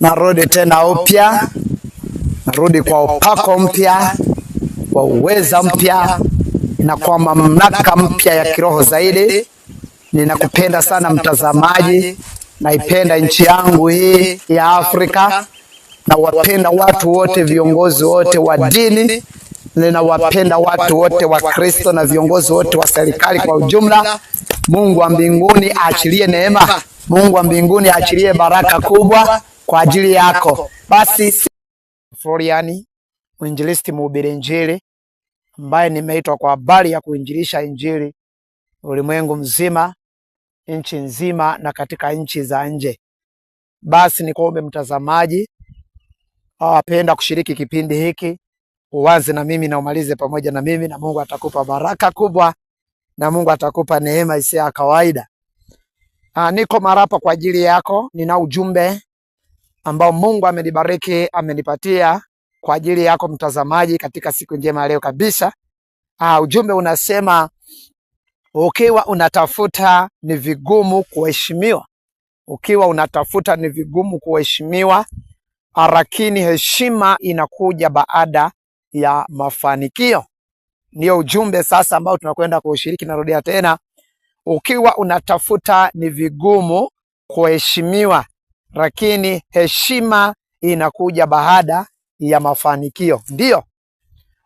Narudi tena upya, narudi kwa upako mpya, kwa uweza mpya na kwa mamlaka mpya ya kiroho zaidi. Ninakupenda sana mtazamaji, naipenda nchi yangu hii ya Afrika, nawapenda watu wote, viongozi wote wa dini ninawapenda watu wote wa Kristo na viongozi wote wa serikali kwa ujumla. Mungu wa mbinguni aachilie neema, Mungu wa mbinguni aachilie baraka kubwa kwa ajili yako. Basi Floriani, mwinjilisti mhubiri Injili ambaye nimeitwa kwa habari ya kuinjilisha Injili ulimwengu mzima, nchi nzima na katika nchi za nje. Basi nikuombe mtazamaji, awapenda kushiriki kipindi hiki, uanze na mimi na umalize pamoja na mimi, na Mungu atakupa baraka kubwa, na Mungu atakupa neema isiyo ya kawaida. Aa, ah, niko marapa kwa ajili yako, nina ujumbe ambao Mungu amenibariki amenipatia kwa ajili yako mtazamaji katika siku njema leo kabisa. Uh, ujumbe unasema ukiwa unatafuta ni vigumu kuheshimiwa. Ukiwa unatafuta ni vigumu kuheshimiwa, ah, lakini heshima inakuja baada ya mafanikio. Ndio ujumbe sasa ambao tunakwenda kuushiriki. Narudia tena, ukiwa unatafuta ni vigumu kuheshimiwa, lakini heshima inakuja baada ya mafanikio. Ndiyo,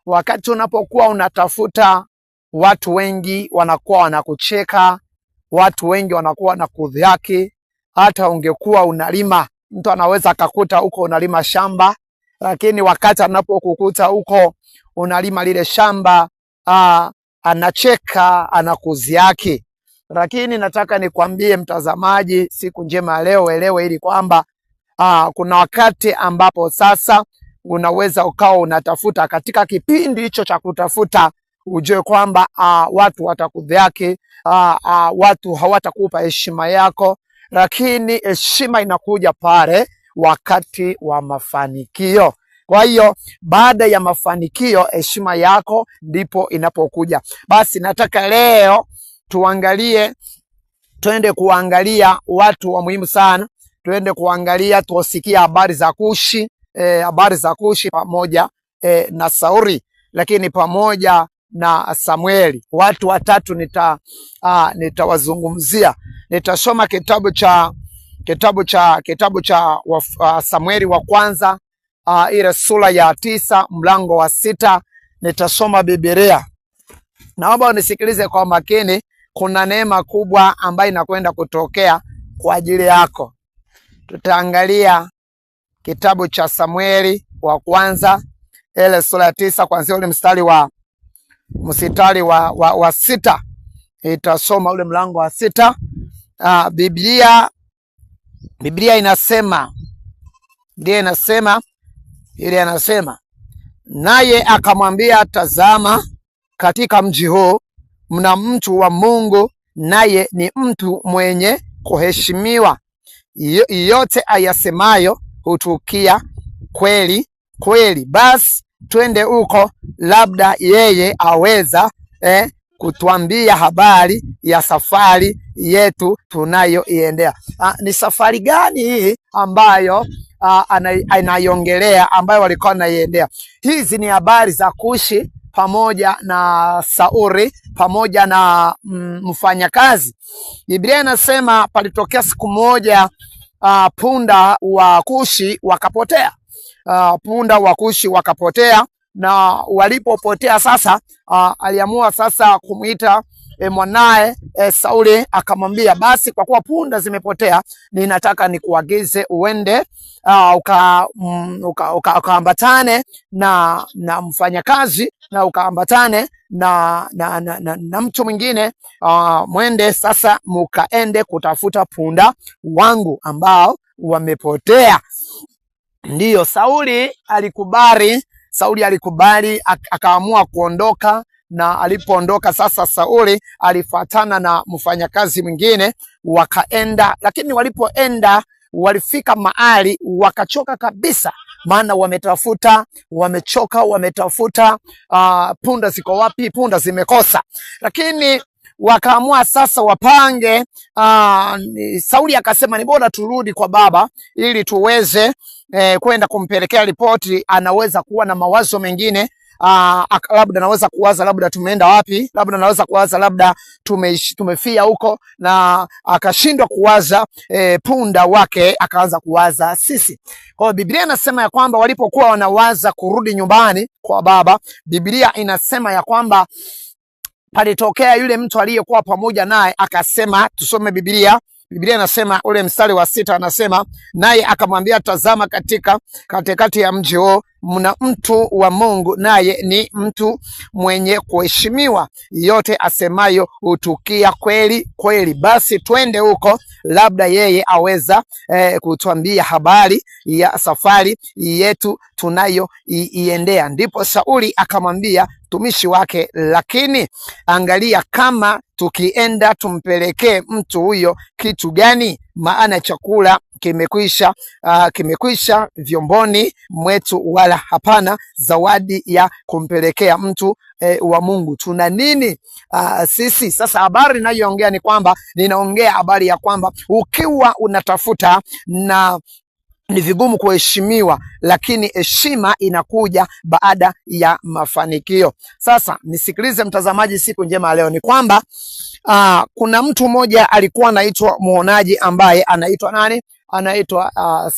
wakati unapokuwa unatafuta, watu wengi wanakuwa wanakucheka, watu wengi wanakuwa wanakudhihaki. Hata ungekuwa unalima, mtu anaweza akakuta huko unalima shamba, lakini wakati anapokukuta huko unalima lile shamba, aa, ah, anacheka, anakuziaki. Lakini nataka nikwambie mtazamaji, siku njema leo, elewe ili kwamba aa, ah, kuna wakati ambapo sasa unaweza ukawa unatafuta. Katika kipindi hicho cha kutafuta, ujue kwamba aa, ah, watu watakudhihaki, ah, watu hawatakupa heshima yako, lakini heshima inakuja pale wakati wa mafanikio. Kwa hiyo baada ya mafanikio heshima yako ndipo inapokuja. Basi nataka leo tuangalie, twende kuangalia watu wa muhimu sana, twende kuangalia, tuosikia habari za Kushi, eh, habari e, za Kushi pamoja e, na Sauli, lakini pamoja na Samueli. Watu watatu nita a, ah, nitawazungumzia, nitasoma kitabu cha kitabu cha kitabu cha wa, a, ah, Samueli wa kwanza a, ah, ile sura ya tisa mlango wa sita nitasoma Biblia. Naomba unisikilize kwa makini kuna neema kubwa ambayo inakwenda kutokea kwa ajili yako. Tutaangalia kitabu cha Samueli wa kwanza ile sura ya tisa kuanzia ule mstari wa mstari wa, wa, wa sita itasoma ule mlango wa sita. Aa, ah, Biblia Biblia inasema ndiye inasema ile anasema naye akamwambia, tazama katika mji huu mna mtu wa Mungu, naye ni mtu mwenye kuheshimiwa. Yote ayasemayo hutukia kweli kweli. Basi twende huko, labda yeye aweza eh, kutuambia habari ya safari yetu tunayoiendea. Ah, ni safari gani hii ambayo ah, anaiongelea, ambayo walikuwa wanaiendea? Hizi ni habari za Kushi pamoja na Sauri pamoja na mm, mfanyakazi. Biblia inasema palitokea siku moja uh, punda wa Kushi wakapotea. Uh, punda wa Kushi wakapotea na walipopotea sasa, uh, aliamua sasa kumwita e, eh, mwanaye e, Sauli akamwambia, basi kwa kuwa punda zimepotea, ninataka nikuagize uende uh, ukaambatane mm, uka, uka, uka na, na mfanyakazi na ukaambatane na, na, na, na, na mtu mwingine uh, mwende sasa mukaende kutafuta punda wangu ambao wamepotea. Ndiyo, Sauli alikubali, Sauli alikubali akaamua kuondoka na alipoondoka sasa, Sauli alifuatana na mfanyakazi mwingine wakaenda, lakini walipoenda walifika mahali wakachoka kabisa, maana wametafuta, wamechoka, wametafuta uh, punda ziko wapi? Punda zimekosa, lakini wakaamua sasa wapange. Uh, Sauli akasema ni bora turudi kwa baba ili tuweze eh, kwenda kumpelekea ripoti, anaweza kuwa na mawazo mengine uh, labda naweza kuwaza labda tumeenda wapi, labda naweza kuwaza labda tume, tumefia huko, na akashindwa kuwaza e, punda wake akaanza kuwaza sisi. Kwa hiyo Biblia inasema ya kwamba walipokuwa wanawaza kurudi nyumbani kwa baba, Biblia inasema ya kwamba palitokea yule mtu aliyekuwa pamoja naye akasema, tusome Biblia. Biblia inasema ule mstari wa sita anasema, naye akamwambia, tazama, katika katikati ya mji huo mna mtu wa Mungu, naye ni mtu mwenye kuheshimiwa. Yote asemayo hutukia kweli kweli. Basi twende huko, labda yeye aweza eh, kutuambia habari ya safari yetu tunayoiendea. Ndipo Sauli akamwambia mtumishi wake, lakini angalia kama tukienda tumpelekee mtu huyo kitu gani, maana chakula kimekwisha, uh, kimekwisha vyomboni mwetu, wala hapana zawadi ya kumpelekea mtu E, wa Mungu tuna nini uh, sisi sasa? Habari ninayoongea ni kwamba ninaongea habari ya kwamba ukiwa unatafuta na ni vigumu kuheshimiwa, lakini heshima inakuja baada ya mafanikio. Sasa nisikilize mtazamaji, siku njema leo ni kwamba uh, kuna mtu mmoja alikuwa anaitwa muonaji ambaye anaitwa nani? anaitwa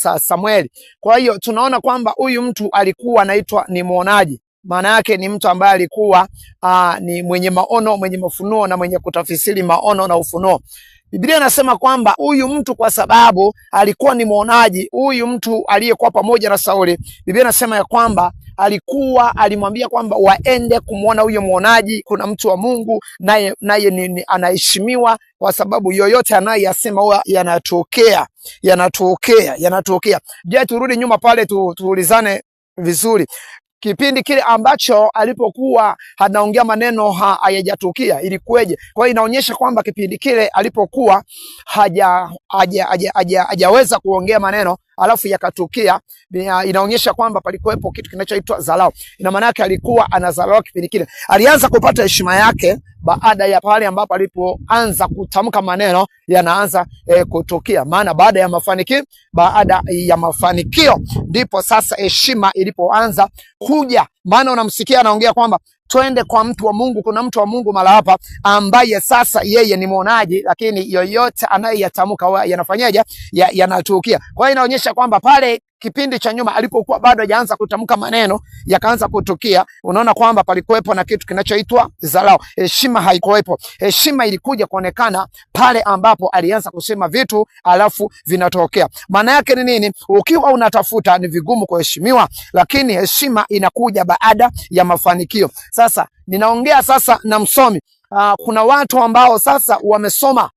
uh, Samueli. Kwa hiyo tunaona kwamba huyu mtu alikuwa anaitwa ni mwonaji maana yake ni mtu ambaye alikuwa uh, ni mwenye maono, mwenye mafunuo na mwenye kutafsiri maono na ufunuo. Biblia inasema kwamba huyu mtu kwa sababu alikuwa ni mwonaji, huyu mtu aliyekuwa pamoja na Sauli, Biblia inasema ya kwamba alikuwa alimwambia kwamba waende kumwona huyo mwonaji, kuna mtu wa Mungu naye naye anaheshimiwa, kwa sababu yoyote anayeyasema huwa yanatokea yanatokea yanatokea. Je, turudi nyuma pale tu, tuulizane vizuri kipindi kile ambacho alipokuwa anaongea maneno hayajatukia ilikuweje? Kwa hiyo inaonyesha kwamba kipindi kile alipokuwa haja hajaweza haja, haja, haja kuongea maneno alafu yakatokea, eh, inaonyesha kwamba palikuwepo kitu kinachoitwa dharau. Ina maana yake alikuwa anadharau kipindi kile, alianza kupata heshima yake baada ya pale ambapo alipoanza kutamka maneno yanaanza e, kutokea. Maana baada ya mafanikio, baada ya mafanikio ndipo sasa heshima ilipoanza kuja. Maana unamsikia anaongea kwamba twende kwa mtu wa Mungu. Kuna mtu wa Mungu mara hapa ambaye sasa yeye ni mwonaji, lakini yoyote anayeyatamka yanafanyaje, yanatukia. Kwa hiyo inaonyesha kwamba pale kipindi cha nyuma alipokuwa bado hajaanza kutamka maneno yakaanza kutukia, unaona kwamba palikuwepo na kitu kinachoitwa dharau. Heshima haikuwepo. Heshima ilikuja kuonekana pale ambapo alianza kusema vitu alafu vinatokea. Maana yake ni nini? Ukiwa unatafuta ni vigumu kuheshimiwa, lakini heshima inakuja baada ya mafanikio. Sasa ninaongea sasa na msomi. Uh, kuna watu ambao sasa wamesoma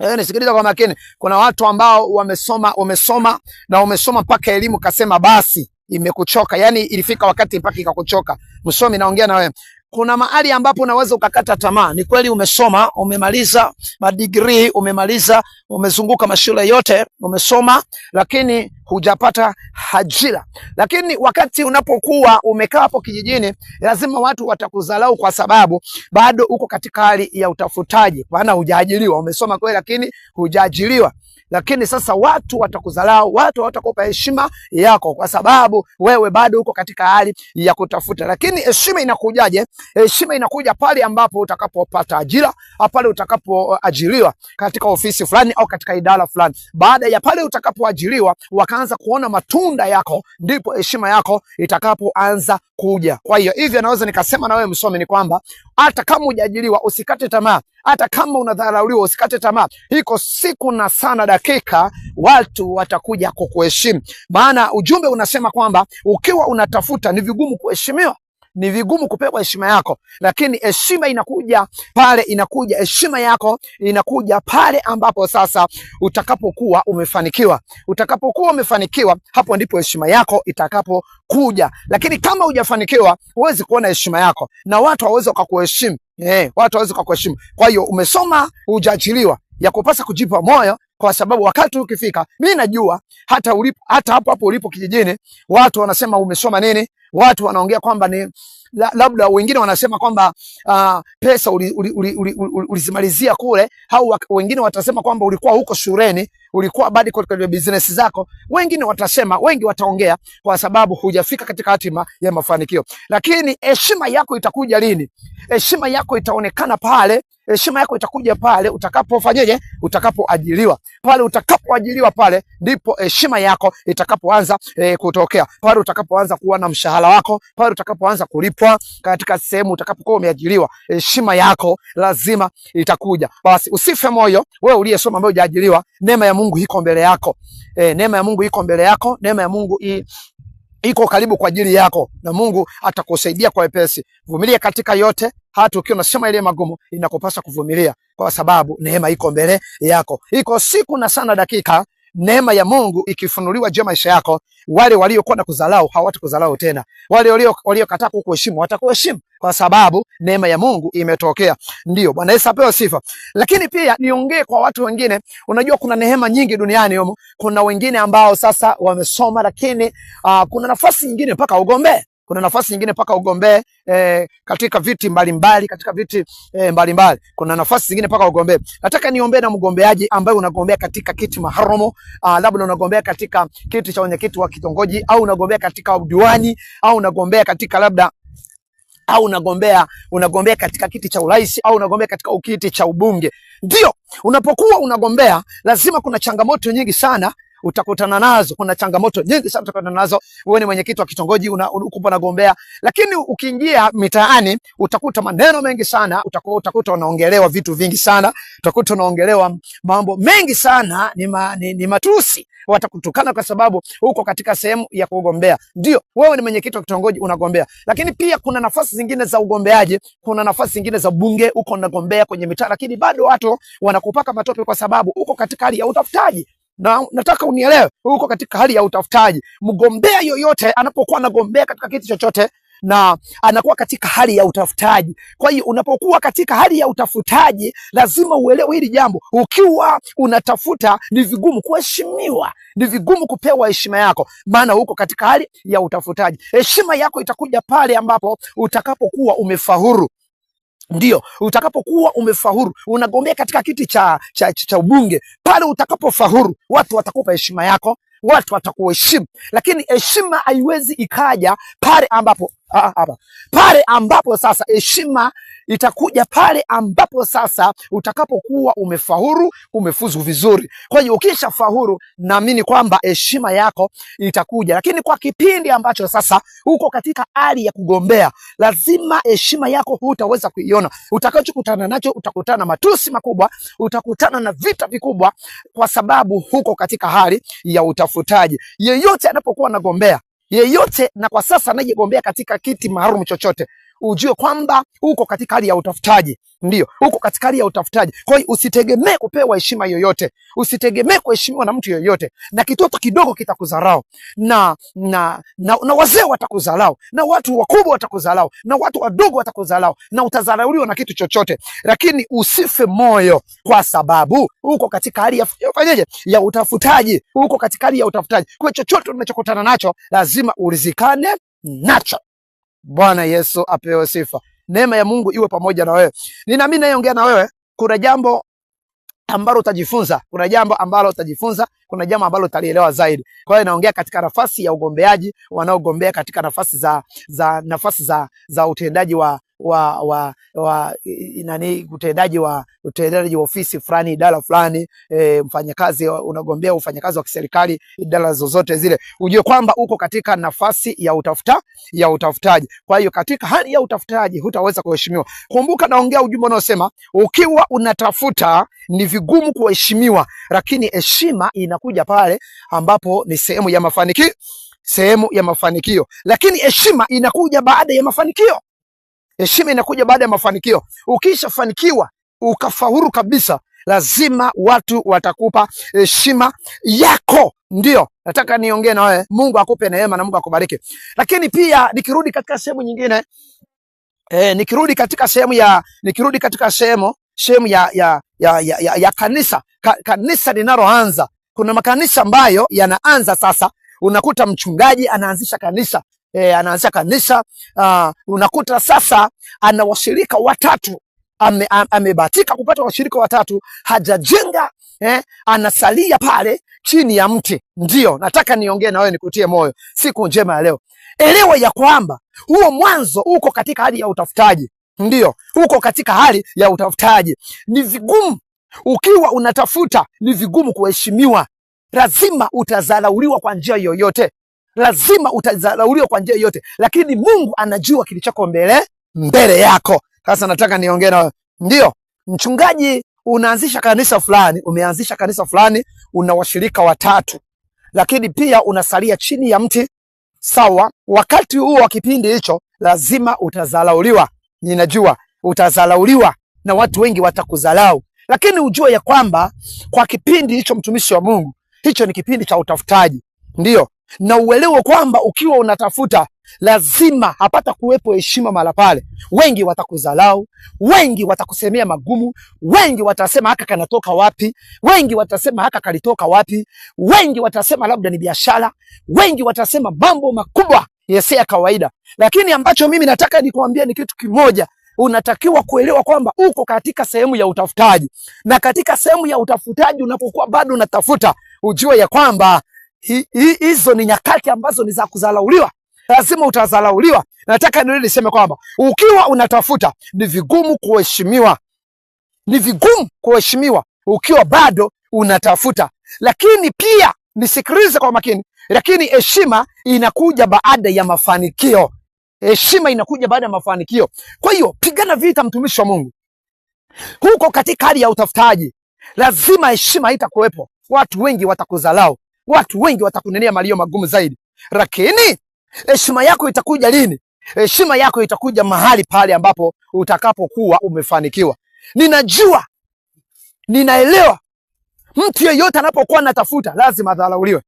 Eh, nisikiliza kwa makini. Kuna watu ambao wamesoma wamesoma na wamesoma mpaka elimu kasema basi imekuchoka. Yaani ilifika wakati mpaka ikakuchoka. Msomi naongea na wewe kuna mahali ambapo unaweza ukakata tamaa. Ni kweli umesoma, umemaliza madigrii, umemaliza, umezunguka mashule yote, umesoma, lakini hujapata ajira. Lakini wakati unapokuwa umekaa hapo kijijini, lazima watu watakuzalau kwa sababu bado uko katika hali ya utafutaji, maana hujaajiriwa. Umesoma kweli, lakini hujaajiriwa lakini sasa watu watakuzalau, watu hawatakupa heshima yako kwa sababu wewe bado uko katika hali ya kutafuta. Lakini heshima inakujaje? Heshima inakuja pale ambapo utakapopata ajira, pale utakapoajiriwa katika ofisi fulani au katika idara fulani. Baada ya pale utakapoajiriwa, wakaanza kuona matunda yako, ndipo heshima yako itakapoanza kuja. Kwa hiyo hivyo naweza nikasema na wewe msomi ni kwamba hata kama hujaajiriwa usikate tamaa hata kama unadharauliwa usikate tamaa. Iko siku na sana dakika watu watakuja kukuheshimu, maana ujumbe unasema kwamba ukiwa unatafuta ni vigumu kuheshimiwa ni vigumu kupewa heshima yako, lakini heshima inakuja pale, inakuja heshima yako inakuja pale ambapo sasa utakapokuwa umefanikiwa. Utakapokuwa umefanikiwa, hapo ndipo heshima yako itakapokuja. Lakini kama hujafanikiwa, huwezi kuona heshima yako na watu hawawezi wakakuheshimu eh, watu hawezi kuheshimu. Kwa hiyo umesoma, hujaachiliwa, ya kupasa kujipa moyo, kwa sababu wakati ukifika, mi najua hata ulipo, hata hapo hapo ulipo kijijini, watu wanasema umesoma nini, watu wanaongea kwamba ni la, labda wengine wanasema kwamba uh, pesa ulizimalizia uli, uli, uli, uli, uli kule, au wengine watasema kwamba ulikuwa huko shuleni ulikuwa bado katika business zako, wengine watasema, wengi wataongea, kwa sababu hujafika katika hatima ya mafanikio. Lakini heshima yako itakuja lini? Heshima yako itaonekana pale heshima yako itakuja pale utakapofanyeje? Utakapoajiriwa pale, utakapoajiriwa pale ndipo heshima yako itakapoanza e, kutokea pale utakapoanza kuwa na mshahara wako, pale utakapoanza kulipwa katika sehemu utakapokuwa umeajiriwa, heshima yako lazima itakuja. Basi usife moyo wewe uliyesoma, ambaye hujaajiriwa. Neema ya Mungu Mungu iko mbele yako e, neema ya Mungu iko mbele yako, neema ya Mungu i, iko karibu kwa ajili yako, na Mungu atakusaidia kwa wepesi. Vumilia katika yote, hata ukiwa unasema ile magumu, inakupasa kuvumilia kwa sababu neema iko mbele yako. Iko siku na sana dakika neema ya Mungu ikifunuliwa juu ya maisha yako, wale waliokuwa na kudharau hawatakudharau tena, wale waliokataa kukuheshimu watakuheshimu, kwa sababu neema ya Mungu imetokea. Ndio, Bwana Yesu apewe sifa. Lakini pia niongee kwa watu wengine. Unajua kuna neema nyingi duniani humo. Kuna wengine ambao sasa wamesoma, lakini uh, kuna nafasi nyingine mpaka ugombee kuna nafasi nyingine paka ugombee eh, katika viti mbalimbali mbali, katika viti eh, mbalimbali Kuna nafasi nyingine paka ugombee. Nataka niombee na mgombeaji ambaye unagombea katika kiti maharomo ah, labda unagombea katika kiti cha wenyekiti wa kitongoji au unagombea katika udiwani au unagombea katika labda au unagombea unagombea katika kiti cha urais au unagombea katika kiti cha ubunge. Ndio, unapokuwa unagombea lazima kuna changamoto nyingi sana utakutana nazo. Kuna changamoto nyingi sana utakutana nazo. Wewe ni mwenyekiti wa kitongoji, unakupa na gombea, lakini ukiingia mitaani utakuta maneno mengi sana, utakuta, utakuta unaongelewa vitu vingi sana, utakuta unaongelewa mambo mengi sana, ni, ma, ni, ni matusi, watakutukana kwa sababu uko katika sehemu ya kugombea. Ndio wewe ni mwenyekiti wa kitongoji unagombea, lakini pia kuna nafasi zingine za ugombeaji, kuna nafasi zingine za bunge, uko unagombea kwenye mitaa, lakini bado watu wanakupaka matope kwa sababu uko katika hali ya utafutaji na nataka unielewe, uko katika hali ya utafutaji. Mgombea yoyote anapokuwa anagombea katika kiti chochote na anakuwa katika hali ya utafutaji. Kwa hiyo unapokuwa katika hali ya utafutaji, lazima uelewe hili jambo. Ukiwa unatafuta, ni vigumu kuheshimiwa, ni vigumu kupewa heshima yako, maana uko katika hali ya utafutaji. Heshima yako itakuja pale ambapo utakapokuwa umefahuru. Ndio, utakapokuwa umefahuru, unagombea katika kiti cha, cha, cha ubunge, pale utakapofahuru, watu watakupa heshima yako, watu watakuheshimu, lakini heshima haiwezi ikaja pale ambapo ah, pale ambapo sasa heshima itakuja pale ambapo sasa utakapokuwa umefahuru, umefuzu vizuri. Kwa hiyo ukisha fahuru, naamini kwamba heshima yako itakuja, lakini kwa kipindi ambacho sasa uko katika hali ya kugombea, lazima heshima yako hutaweza kuiona. Utakachokutana nacho, utakutana na matusi makubwa, utakutana na vita vikubwa, kwa sababu huko katika hali ya utafutaji. Yeyote anapokuwa anagombea yeyote na kwa sasa anayegombea katika kiti maalum chochote, ujue kwamba uko katika hali ya utafutaji, ndio uko katika hali ya utafutaji. Kwa hiyo usitegemee kupewa heshima yoyote, usitegemee kuheshimiwa na mtu yoyote, na kitoto kidogo kitakudharau na, na, na, na wazee watakudharau na watu wakubwa watakudharau na watu wadogo watakudharau na utadharauliwa na kitu chochote, lakini usife moyo kwa sababu uko katika hali ya fanyeje ya utafutaji, uko katika hali ya utafutaji. Kwa chochote unachokutana nacho lazima ulizikane nacho. Bwana Yesu apewe sifa. Neema ya Mungu iwe pamoja na wewe. Ninaamini nayeongea na wewe, kuna jambo ambalo utajifunza, kuna jambo ambalo utajifunza, kuna jambo ambalo utalielewa zaidi. Kwa hiyo inaongea katika nafasi ya ugombeaji wanaogombea katika nafasi za za nafasi za za utendaji wa wa, wa, wa nani utendaji wa utendaji wa ofisi fulani idara fulani e, mfanyakazi unagombea ufanyakazi wa kiserikali idara zozote zile, ujue kwamba uko katika nafasi ya utafuta ya utafutaji. Kwa hiyo katika hali ya utafutaji hutaweza kuheshimiwa. Kumbuka naongea ujumbe unaosema ukiwa unatafuta ni vigumu kuheshimiwa, lakini heshima inakuja pale ambapo ni sehemu ya mafanikio sehemu ya mafanikio, lakini heshima inakuja baada ya mafanikio. Heshima inakuja baada ya mafanikio. Ukishafanikiwa ukafaulu kabisa, lazima watu watakupa heshima yako. Ndio nataka niongee na wewe, Mungu akupe neema na Mungu akubariki. Lakini pia nikirudi katika sehemu nyingine e, nikirudi katika sehemu ya nikirudi katika sehemu sehemu ya, ya, ya, ya, ya, ya kanisa ka, kanisa linaloanza. Kuna makanisa ambayo yanaanza sasa, unakuta mchungaji anaanzisha kanisa e, anaanzia kanisa uh, unakuta sasa ana washirika watatu ame, kupata washirika watatu, hajajenga eh, anasalia pale chini ya mti. Ndio nataka niongee na wewe, nikutie moyo siku njema ya leo. Elewa ya kwamba huo mwanzo uko katika hali ya utafutaji, ndio uko katika hali ya utafutaji. Ni vigumu ukiwa unatafuta, ni vigumu kuheshimiwa, lazima utazalauliwa kwa njia yoyote lazima utadharauliwa kwa njia yote, lakini Mungu anajua kilichoko mbele mbele yako. Sasa nataka niongee na wewe, ndio mchungaji, unaanzisha kanisa fulani, umeanzisha kanisa fulani, una washirika watatu, lakini pia unasalia chini ya mti sawa. Wakati huo wa kipindi hicho, lazima utadharauliwa. Ninajua utadharauliwa na watu wengi watakudharau, lakini ujue ya kwamba kwa kipindi hicho, mtumishi wa Mungu, hicho ni kipindi cha utafutaji, ndio na uelewe kwamba ukiwa unatafuta lazima hapata kuwepo heshima mahala pale. Wengi watakuzalau, wengi watakusemea magumu, wengi watasema haka kanatoka wapi, wengi watasema haka kalitoka wapi, wengi watasema labda ni biashara, wengi watasema mambo makubwa yasiyo ya kawaida. Lakini ambacho mimi nataka nikuambia ni kitu kimoja, unatakiwa kuelewa kwamba uko katika sehemu ya utafutaji, na katika sehemu ya utafutaji unapokuwa bado unatafuta, ujue ya kwamba hizo ni nyakati ambazo ni za kuzalauliwa, lazima utazalauliwa. Nataka nili niseme kwamba ukiwa unatafuta, ni vigumu kuheshimiwa, ni vigumu kuheshimiwa ukiwa bado unatafuta. Lakini pia nisikilize kwa makini, lakini heshima inakuja baada ya mafanikio. Heshima inakuja baada ya mafanikio. Kwa hiyo pigana vita, mtumishi wa Mungu, huko katika hali ya utafutaji, lazima heshima haitakuwepo, watu wengi watakudharau watu wengi watakunenea malio magumu zaidi, lakini heshima yako itakuja lini? Heshima yako itakuja mahali pale ambapo utakapokuwa umefanikiwa. Ninajua, ninaelewa, mtu yeyote anapokuwa anatafuta lazima adharauliwe,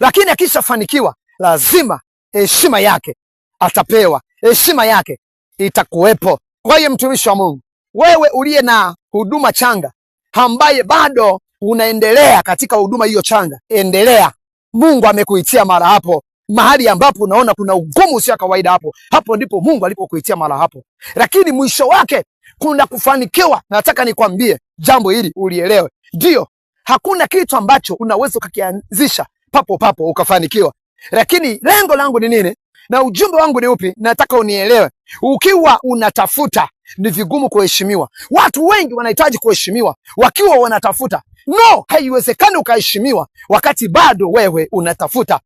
lakini akishafanikiwa lazima heshima yake atapewa, heshima yake itakuwepo. Kwa hiyo mtumishi wa Mungu, wewe uliye na huduma changa ambaye bado unaendelea katika huduma hiyo changa, endelea. Mungu amekuitia mara hapo mahali ambapo unaona kuna ugumu usio kawaida, hapo hapo ndipo Mungu alipokuitia mara hapo, lakini mwisho wake kuna kufanikiwa. Nataka nikwambie jambo hili ulielewe, Ndio, hakuna kitu ambacho unaweza ukakianzisha papo papo ukafanikiwa. Lakini lengo langu ni nini na ujumbe wangu ni upi? Nataka unielewe. Ukiwa unatafuta ni vigumu kuheshimiwa. Watu wengi wanahitaji kuheshimiwa wakiwa wanatafuta, No, haiwezekani ukaheshimiwa wakati bado wewe unatafuta.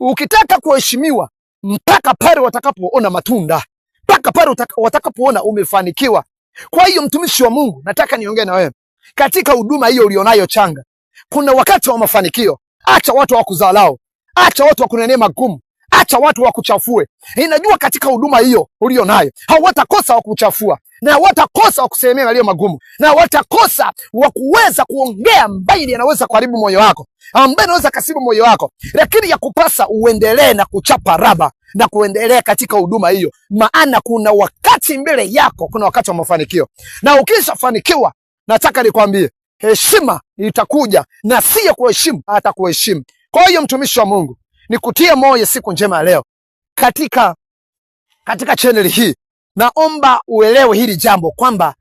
Ukitaka kuheshimiwa mpaka pale watakapoona matunda, mpaka pale watakapoona umefanikiwa. Kwa hiyo mtumishi wa Mungu, nataka niongee na wewe katika huduma hiyo ulionayo changa. Kuna wakati wa mafanikio. Acha watu wakuzalao, acha watu wakunenee magumu, acha watu wakuchafue. Inajua katika huduma hiyo ulionayo hawatakosa wakuchafua, na watakosa wa kusemea yaliyo magumu, na watakosa wa kuweza kuongea ambayo anaweza kuharibu moyo wako, ambaye anaweza kasibu moyo wako, lakini ya kupasa uendelee na kuchapa raba na kuendelea katika huduma hiyo, maana kuna wakati mbele yako, kuna wakati wa mafanikio, na ukishafanikiwa, nataka nikwambie, heshima itakuja na siyo kuheshimu, hata kuheshimu. Kwa hiyo mtumishi wa Mungu, nikutie moyo siku njema leo katika katika chaneli hii Naomba uelewe hili jambo kwamba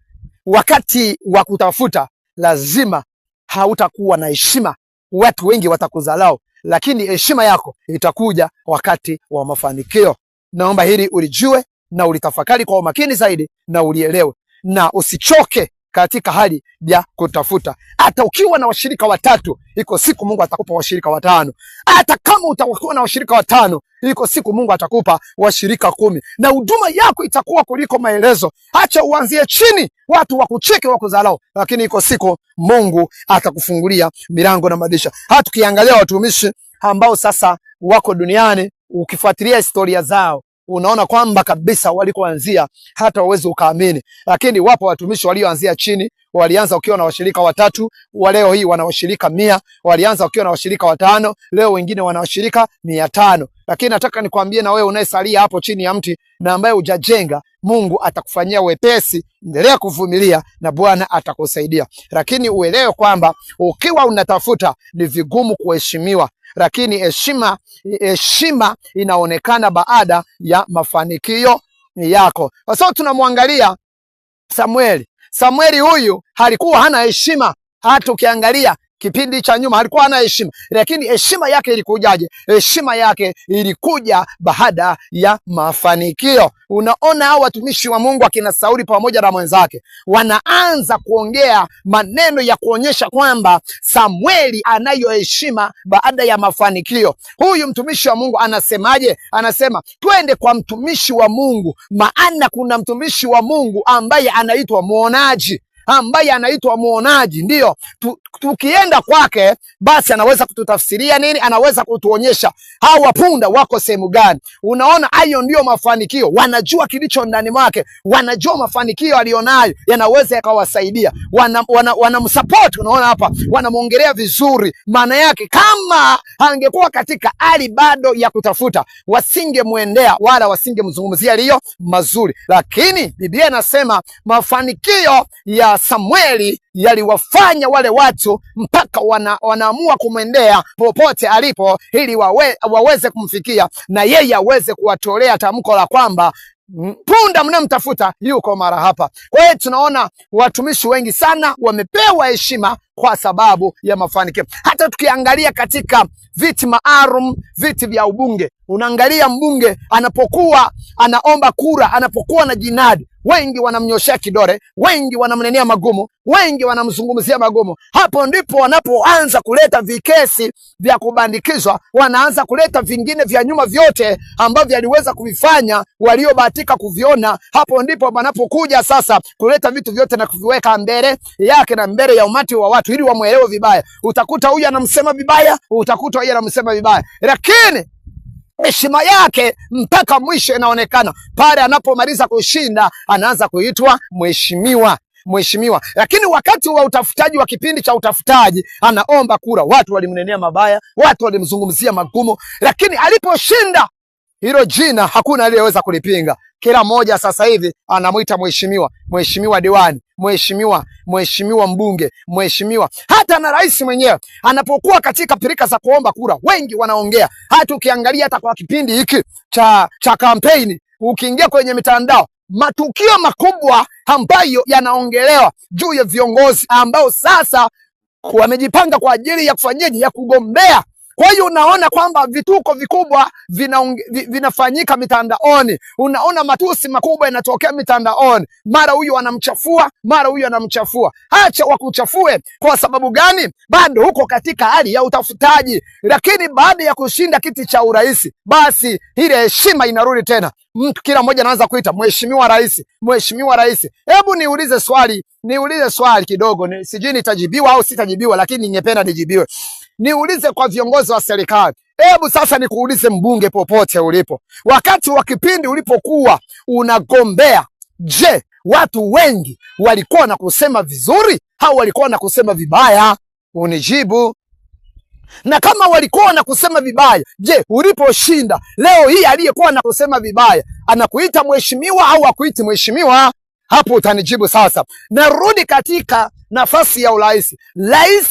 wakati wa kutafuta lazima hautakuwa na heshima. Watu wengi watakudharau, lakini heshima yako itakuja wakati wa mafanikio. Naomba hili ulijue na ulitafakari kwa umakini zaidi na ulielewe, na usichoke katika hali ya kutafuta. Hata ukiwa na washirika watatu, iko siku Mungu atakupa washirika watano. Hata kama utakuwa na washirika watano, Iko siku Mungu atakupa washirika kumi na huduma yako itakuwa kuliko maelezo. Hacha uanzie chini, watu wakucheke wakuzalao, lakini iko siku Mungu atakufungulia milango na madirisha. Hata tukiangalia watumishi ambao sasa wako duniani, ukifuatilia historia zao unaona kwamba kabisa walikoanzia hata uweze ukaamini, lakini wapo watumishi walioanzia chini, walianza wakiwa na washirika watatu, leo hii wana washirika mia, walianza wakiwa na washirika watano, leo wengine wana washirika mia tano. Lakini nataka nikwambie na wewe unayesalia hapo chini ya mti na ambaye hujajenga, Mungu atakufanyia wepesi. Endelea kuvumilia na Bwana atakusaidia, lakini uelewe kwamba ukiwa unatafuta ni vigumu kuheshimiwa lakini heshima heshima inaonekana baada ya mafanikio yako. Kwa sababu tunamwangalia Samueli, Samueli huyu alikuwa hana heshima. Hata ukiangalia Kipindi cha nyuma alikuwa ana heshima, lakini heshima yake ilikujaje? Heshima yake ilikuja baada ya mafanikio. Unaona, hao watumishi wa Mungu akina Sauli pamoja na mwenzake wanaanza kuongea maneno ya kuonyesha kwamba Samueli anayo heshima baada ya mafanikio. Huyu mtumishi wa Mungu anasemaje? Anasema twende kwa mtumishi wa Mungu, maana kuna mtumishi wa Mungu ambaye anaitwa mwonaji ambaye anaitwa muonaji, ndio tukienda kwake basi anaweza kututafsiria nini, anaweza kutuonyesha hawa punda wako sehemu gani. Unaona, hayo ndio mafanikio, wanajua kilicho ndani mwake, wanajua mafanikio aliyonayo yanaweza yakawasaidia, wanamsupport. Unaona hapa wanamwongelea vizuri, maana yake kama angekuwa katika hali bado ya kutafuta, wasingemwendea wala wasingemzungumzia liyo mazuri, lakini Biblia inasema mafanikio ya Samueli yaliwafanya wale watu mpaka wana, wanaamua kumwendea popote alipo ili wawe, waweze kumfikia na yeye aweze kuwatolea tamko la kwamba punda mnayemtafuta yuko mara hapa. Kwa hiyo tunaona watumishi wengi sana wamepewa heshima kwa sababu ya mafanikio. Hata tukiangalia katika viti maalum, viti vya ubunge, unaangalia mbunge anapokuwa anaomba kura, anapokuwa na jinadi wengi wanamnyoshea kidore, wengi wanamnenea magumu, wengi wanamzungumzia magumu. Hapo ndipo wanapoanza kuleta vikesi vya kubandikizwa, wanaanza kuleta vingine vya nyuma vyote ambavyo aliweza kuvifanya waliobahatika kuviona. Hapo ndipo wanapokuja sasa kuleta vitu vyote na kuviweka mbele yake na mbele ya umati wa watu ili wamwelewe vibaya. Utakuta huyu anamsema vibaya, utakuta huyu anamsema vibaya, lakini heshima yake mpaka mwisho inaonekana. Pale anapomaliza kushinda, anaanza kuitwa mheshimiwa mheshimiwa. Lakini wakati wa utafutaji wa kipindi cha utafutaji, anaomba kura, watu walimnenea mabaya, watu walimzungumzia magumu, lakini aliposhinda hilo jina hakuna aliyeweza kulipinga. Kila mmoja sasa hivi anamwita mheshimiwa, mheshimiwa diwani, mheshimiwa, mheshimiwa mbunge, mheshimiwa. Hata na rais mwenyewe anapokuwa katika pirika za kuomba kura, wengi wanaongea. Hata ukiangalia hata kwa kipindi hiki cha cha kampeni, ukiingia kwenye mitandao, matukio makubwa ambayo yanaongelewa juu ya viongozi ambao sasa wamejipanga kwa ajili ya kufanyaje, ya kugombea kwa hiyo unaona kwamba vituko vikubwa vina un, vinafanyika mitandaoni, unaona matusi makubwa yanatokea mitandaoni, mara huyu anamchafua, mara huyu anamchafua. Acha wakuchafue. Kwa sababu gani? Bado huko katika hali ya utafutaji, lakini baada ya kushinda kiti cha urais, basi ile heshima inarudi tena. Mtu kila mmoja anaanza kuita mheshimiwa rais, mheshimiwa rais. Hebu niulize swali, niulize swali kidogo, ni sijui nitajibiwa au sitajibiwa, lakini ningependa nijibiwe niulize kwa viongozi wa serikali. Hebu sasa nikuulize mbunge, popote ulipo, wakati wa kipindi ulipokuwa unagombea, je, watu wengi walikuwa na kusema vizuri au walikuwa na kusema vibaya? Unijibu. Na kama walikuwa na kusema vibaya, je, uliposhinda leo hii aliyekuwa na kusema vibaya anakuita mheshimiwa au akuiti mheshimiwa? Hapo utanijibu sasa. Narudi katika nafasi ya urais. Rais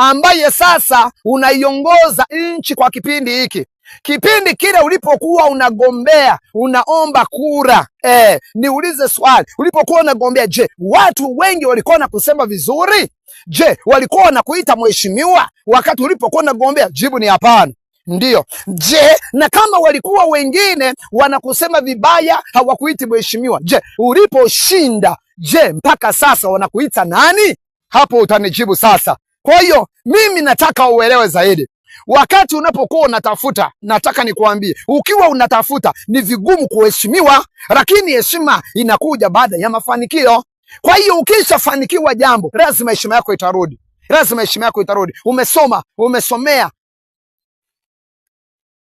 ambaye sasa unaiongoza nchi kwa kipindi hiki kipindi kile ulipokuwa unagombea unaomba kura eh, niulize swali, ulipokuwa unagombea, je, watu wengi walikuwa na kusema vizuri? Je, walikuwa wanakuita mheshimiwa wakati ulipokuwa unagombea? Jibu ni hapana. ndio Je, na kama walikuwa wengine wanakusema vibaya, hawakuiti mheshimiwa, je, uliposhinda, je, mpaka sasa wanakuita nani? Hapo utanijibu sasa. Kwa hiyo mimi nataka uelewe zaidi wakati unapokuwa unatafuta, nataka nikuambie, ukiwa unatafuta ni vigumu kuheshimiwa, lakini heshima inakuja baada ya mafanikio. Kwa hiyo ukishafanikiwa jambo, lazima heshima yako itarudi, lazima heshima yako itarudi. Umesoma, umesomea,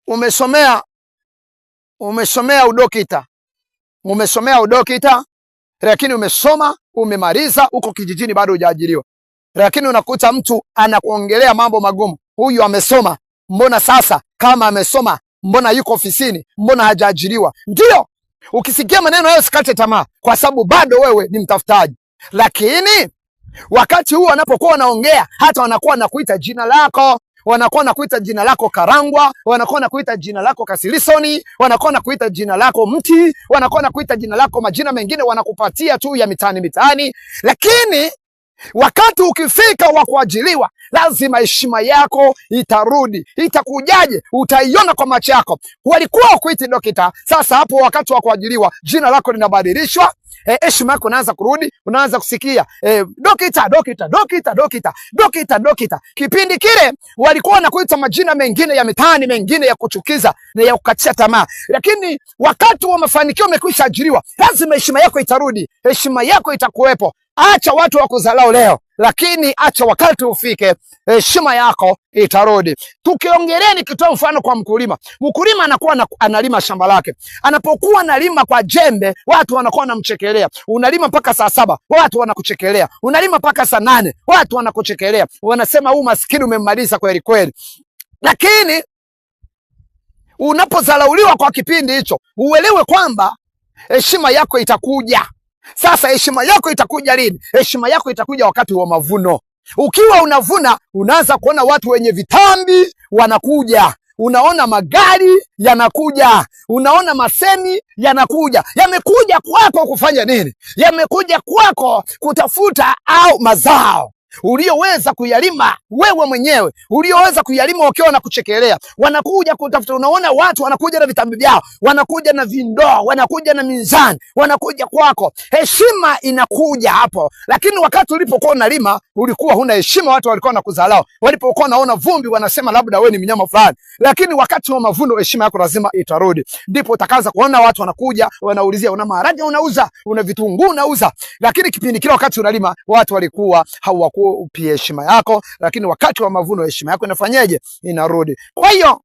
umesomea, umesomea udokita, umesomea udokita, lakini umesoma, umemaliza, uko kijijini, bado hujaajiriwa lakini unakuta mtu anakuongelea mambo magumu. Huyu amesoma, mbona sasa? Kama amesoma, mbona yuko ofisini? Mbona hajaajiriwa? Ndio ukisikia maneno hayo sikate tamaa, kwa sababu bado wewe ni mtafutaji. Lakini wakati huu wanapokuwa wanaongea, hata wanakuwa wanakuita jina lako wanakuwa nakuita jina lako Karangwa, wanakuwa nakuita jina lako Kasilisoni, wanakuwa nakuita jina lako Mti, wanakuwa nakuita jina lako majina mengine, wanakupatia tu ya mitaani mitaani, lakini Wakati ukifika wa kuajiliwa, lazima heshima yako itarudi. Itakujaje? Utaiona kwa macho yako. Walikuwa wakuiti dokita, sasa hapo wakati wa kuajiliwa jina lako linabadilishwa, eh, heshima yako inaanza kurudi, unaanza kusikia e, dokita, dokita, dokita, dokita, dokita, dokita. Kipindi kile walikuwa wanakuita majina mengine ya mitaani, mengine ya kuchukiza na ya kukatisha tamaa, lakini wakati wa mafanikio umekwisha ajiriwa, lazima heshima yako itarudi, heshima yako itakuwepo. Acha watu wakuzalau leo, lakini acha wakati ufike, heshima yako itarudi. Tukiongelea nikitoa mfano kwa mkulima, mkulima anakuwa analima shamba lake, anapokuwa analima kwa jembe, watu wanakuwa wanamchekelea. Unalima mpaka saa saba, watu wanakuchekelea. Unalima mpaka saa nane, watu wanakuchekelea, wanasema huu maskini umemmaliza kweli kweli. Lakini unapozalauliwa kwa kipindi hicho, uelewe kwamba heshima yako itakuja. Sasa heshima yako itakuja lini? Heshima yako itakuja wakati wa mavuno. Ukiwa unavuna, unaanza kuona watu wenye vitambi wanakuja, unaona magari yanakuja, unaona maseni yanakuja. Yamekuja kwako kufanya nini? Yamekuja kwako kutafuta au mazao ulioweza kuyalima wewe mwenyewe, ulioweza kuyalima wakiwa wanakuchekelea, wanakuja kutafuta. Unaona watu wanakuja na vitambi vyao, wanakuja na vindoo, wanakuja na mizani, wanakuja kwako, heshima inakuja hapo. Lakini wakati ulipokuwa unalima ulikuwa huna heshima, watu walikuwa wanakudharau. Walipokuwa wanaona vumbi, wanasema labda wewe ni mnyama fulani, lakini wakati wa mavuno heshima yako lazima itarudi. Ndipo utakaanza kuona watu wanakuja wanaulizia, una maharage unauza, una vitunguu unauza, lakini kipindi kile wakati unalima watu walikuwa hawakuwa upie heshima yako, lakini wakati wa mavuno heshima yako inafanyaje? Inarudi. Kwa hiyo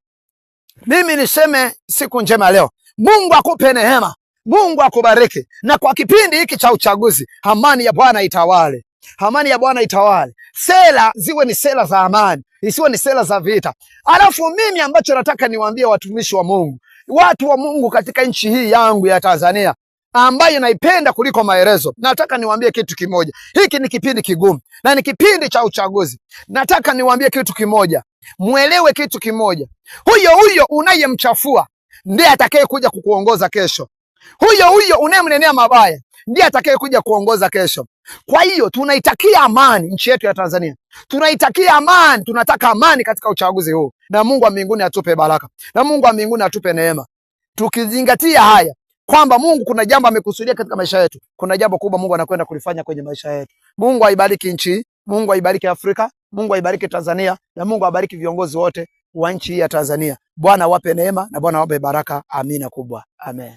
mimi niseme siku njema leo, Mungu akupe neema, Mungu akubariki, na kwa kipindi hiki cha uchaguzi amani ya Bwana itawale amani ya Bwana itawale. Sera ziwe ni sera za amani, isiwe ni sera za vita. Alafu mimi ambacho nataka niwaambie watumishi wa Mungu, watu wa Mungu katika nchi hii yangu ya Tanzania, ambaye naipenda kuliko maelezo. Nataka niwaambie kitu kimoja, hiki ni kipindi kigumu na ni kipindi cha uchaguzi. Nataka niwaambie kitu kimoja, mwelewe kitu kimoja, huyo huyo unayemchafua ndiye atakaye kuja kukuongoza kesho. Huyo huyo unayemnenea mabaya ndiye atakaye kuja kuongoza kesho. Kwa hiyo tunaitakia amani nchi yetu ya Tanzania, tunaitakia amani, tunataka amani katika uchaguzi huu, na Mungu wa mbinguni atupe baraka, na Mungu wa mbinguni atupe neema. Tukizingatia haya kwamba Mungu kuna jambo amekusudia katika maisha yetu. Kuna jambo kubwa Mungu anakwenda kulifanya kwenye maisha yetu. Mungu aibariki nchi, Mungu aibariki Afrika, Mungu aibariki Tanzania na Mungu abariki viongozi wote wa nchi hii ya Tanzania. Bwana wape neema na Bwana wape baraka. Amina kubwa. Amen.